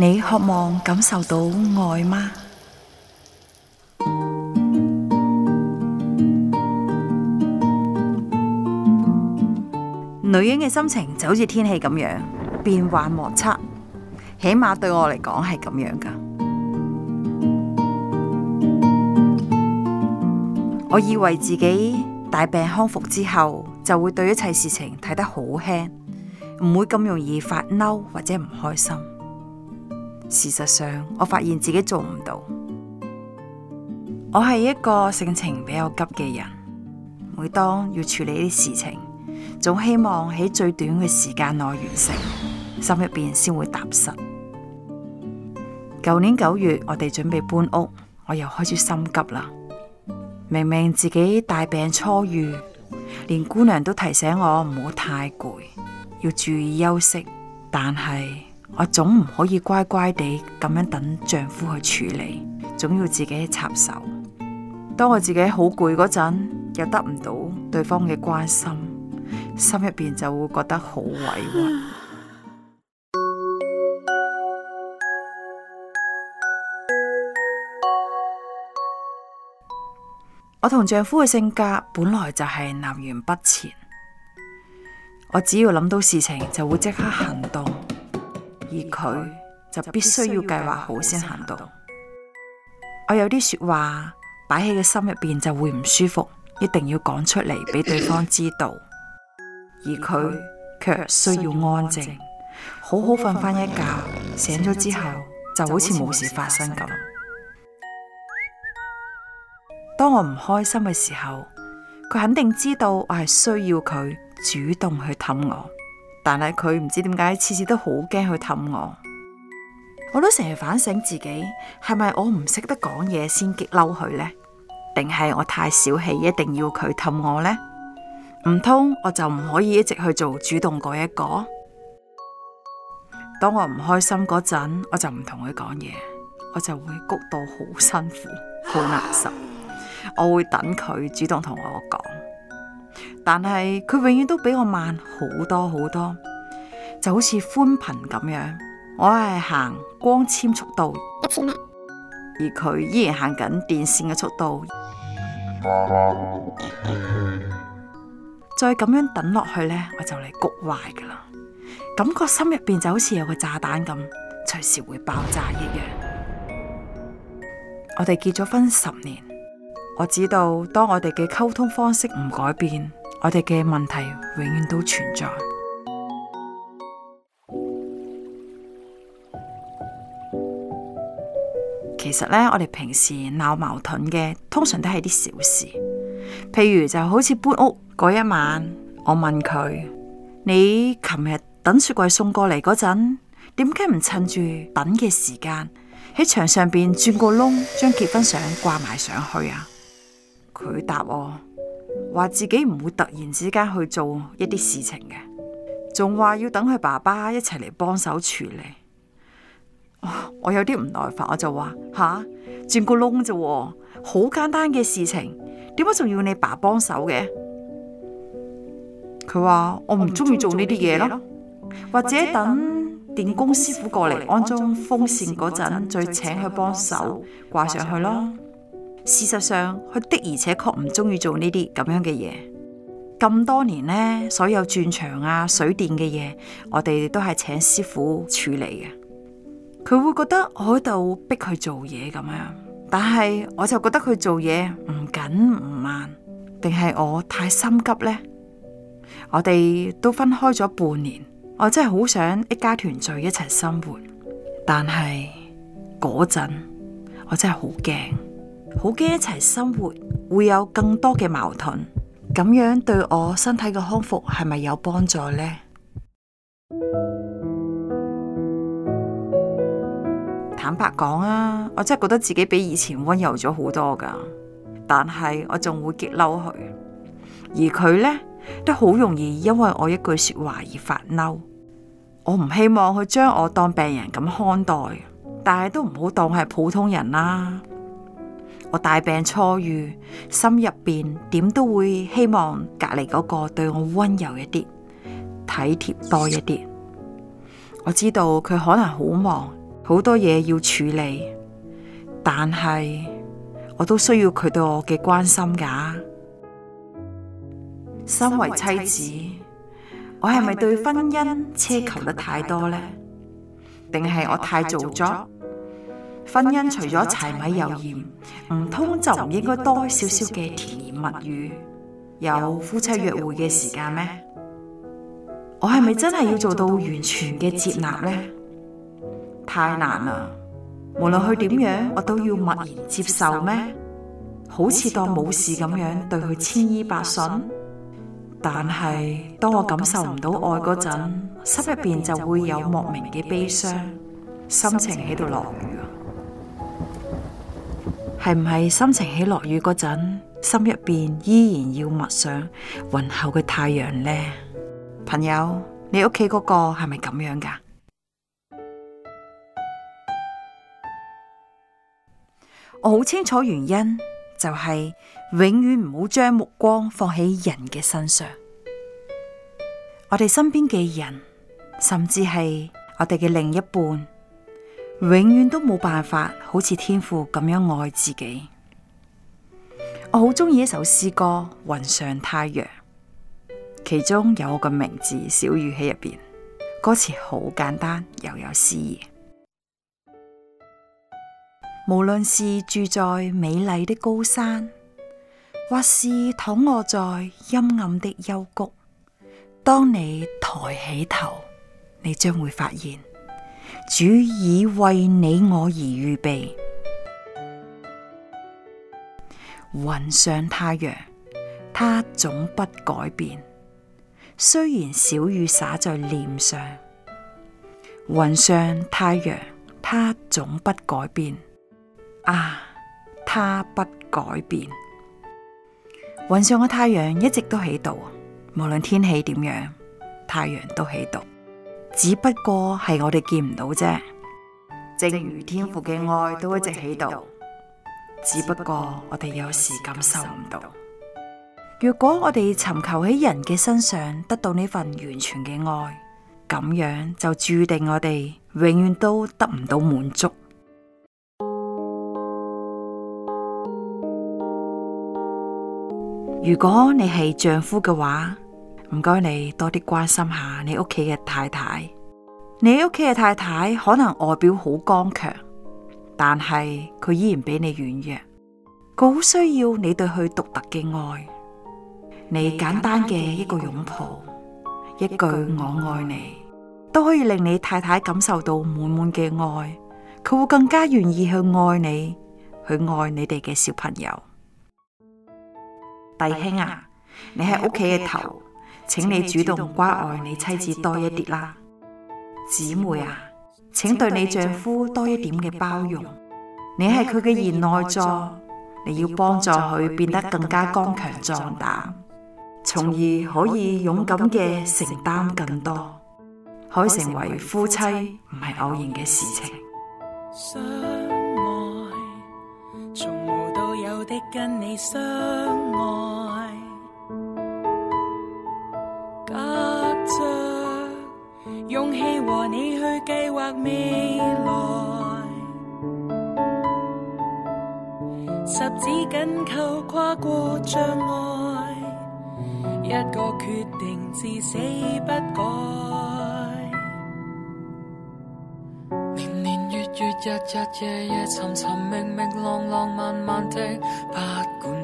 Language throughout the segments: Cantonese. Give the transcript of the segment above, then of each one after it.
你渴望感受到愛嗎？女人嘅心情就好似天氣咁樣變幻莫測，起碼對我嚟講係咁樣噶。我以為自己大病康復之後，就會對一切事情睇得好輕，唔會咁容易發嬲或者唔開心。事實上，我發現自己做唔到。我係一個性情比較急嘅人，每當要處理啲事情，總希望喺最短嘅時間內完成，心入邊先會踏實。舊年九月，我哋準備搬屋，我又開始心急啦。明明自己大病初癒，連姑娘都提醒我唔好太攰，要注意休息，但係……我總唔可以乖乖地咁樣等丈夫去處理，總要自己插手。當我自己好攰嗰陣，又得唔到對方嘅關心，心入邊就會覺得好委屈。 我同丈夫嘅性格本來就係南轅北轍，我只要諗到事情就會即刻行動。而佢就必須要計劃好先行動。我有啲說話擺喺個心入邊就會唔舒服，一定要講出嚟俾對方知道。而佢卻需要安靜，好好瞓翻一覺，醒咗之後就好似冇事發生咁。當我唔開心嘅時候，佢肯定知道我係需要佢主動去氹我。但係佢唔知點解，次次都好驚去氹我，我都成日反省自己係咪我唔識得講嘢先激嬲佢呢？定係我太小氣一定要佢氹我呢？唔通我就唔可以一直去做主動嗰一個？當我唔開心嗰陣，我就唔同佢講嘢，我就會谷到好辛苦、好難受，我會等佢主動同我講。但係佢永遠都比我慢好多好多，就好似寬頻咁樣，我係行光纖速度，而佢依然行緊電線嘅速度。哇哇哦，再咁樣等落去呢，我就嚟谷壞噶啦，感覺心入邊就好似有個炸彈咁，隨時會爆炸一樣。我哋結咗婚十年。我知道，當我哋嘅溝通方式唔改變，我哋嘅問題永遠都存在。其實咧，我哋平時鬧矛盾嘅，通常都係啲小事，譬如就好似搬屋嗰一晚，我問佢：你琴日等雪櫃送過嚟嗰陣，點解唔趁住等嘅時間喺牆上邊鑽個窿，將結婚相掛埋上去啊？佢答我，話自己唔會突然之間去做一啲事情嘅，仲話要等佢爸爸一齊嚟幫手處理。 我有啲唔耐煩，我就話吓，轉個窿啫，好簡單嘅事情，點解仲要你爸幫手嘅？佢話我唔中意做呢啲嘢咯，或者等電工師傅過嚟安裝風扇嗰陣，再請佢幫手掛上去咯。事實上，佢的而且確唔中意做呢啲咁樣嘅嘢。咁多年呢，所有轉場啊、水電嘅嘢，我哋都係請師傅處理嘅。佢會覺得我喺度逼佢做嘢咁樣，但係我就覺得佢做嘢唔緊唔慢，定係我太心急呢？我哋都分開咗半年，我真係好想一家團聚一齊生活，但係嗰陣我真係好驚。好驚一齊生活會有更多嘅矛盾，咁樣對我身體嘅康復係咪有幫助呢？坦白講啊，我真係覺得自己比以前溫柔咗好多噶，但係我仲會激嬲佢，而佢呢，都好容易因為我一句說話而發嬲。我唔希望佢將我當病人咁看待，但係都唔好當係普通人啦。我大病初愈，心入邊點都會希望隔籬嗰個對我温柔一啲，體貼多一啲。我知道佢可能好忙，好多嘢要處理，但係我都需要佢對我嘅關心㗎。身為妻子，妻子我係咪對婚姻奢求得太多呢？定係我太做作？婚姻除咗柴米油鹽，唔通就唔應該多少少嘅甜言蜜語？有夫妻約會嘅時間咩？我係咪真係要做到完全嘅接納呢？太難啦！無論佢點樣，我都要默然接受咩？好似當冇事咁樣對佢千依百順？但係當我感受唔到愛嗰陣，心入邊就會有莫名嘅悲傷，心情喺度落雨。係唔係心情起落雨嗰陣，心入邊依然要默想雲後嘅太陽呢？朋友，你屋企嗰個係咪咁樣噶？ 我好清楚原因，就係永遠唔好將目光放喺人嘅身上。我哋身邊嘅人，甚至係我哋嘅另一半。永遠都冇辦法好似天父咁樣愛自己。我好中意一首詩歌《雲上太陽》，其中有我個名字小雨喺入邊。歌詞好簡單又有詩意。無論是住在美麗的高山，或是躺臥在陰暗的幽谷，當你抬起頭，你將會發現。主已為你我而預備，雲上太陽，它總不改變。雖然小雨灑在臉上，雲上太陽，它總不改變。啊，它不改變。雲上嘅太陽一直都喺度，無論天氣點樣，太陽都喺度。只不過係我哋見唔到啫，正如天父嘅愛都一直喺度，只不過我哋有時感受唔到。如果我哋尋求喺人嘅身上得到呢份完全嘅愛，咁樣就注定我哋永遠都得唔到滿足。 如果你係丈夫嘅話，唔該，你多啲關心下你屋企嘅太太。你屋企嘅太太可能外表好剛強，但係佢依然比你軟弱。佢好需要你對佢獨特嘅愛，你簡單嘅一個擁抱，一句我愛你，都可以令你太太感受到滿滿嘅愛。佢會更加願意去愛你，去愛你哋嘅小朋友。弟兄啊，你係屋企嘅頭。請你主動關愛你妻子多一啲啦，姊妹啊，請對你丈夫多一點嘅包容。你係佢嘅賢內助，你要幫助佢變得更加剛強壯膽，從而可以勇敢嘅承擔更多。可以成為夫妻唔係偶然嘅事情。相愛從無到有的跟你相愛勇氣和你去計劃未來，十指緊扣跨過障礙，一個決定至死不改。年年月月日日，日夜夜沉沉明明，浪浪漫漫，的，不管。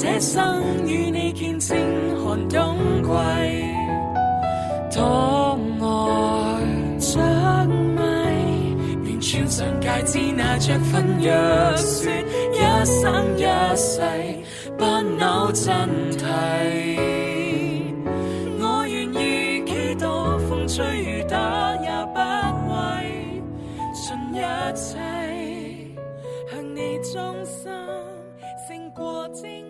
這生與你見證寒冬季，多愛着迷，願穿上戒指那分，拿着婚約，説一生一世 不朽真諦。 我願意幾多風吹雨打也不畏，盡一切向你忠心，勝過精。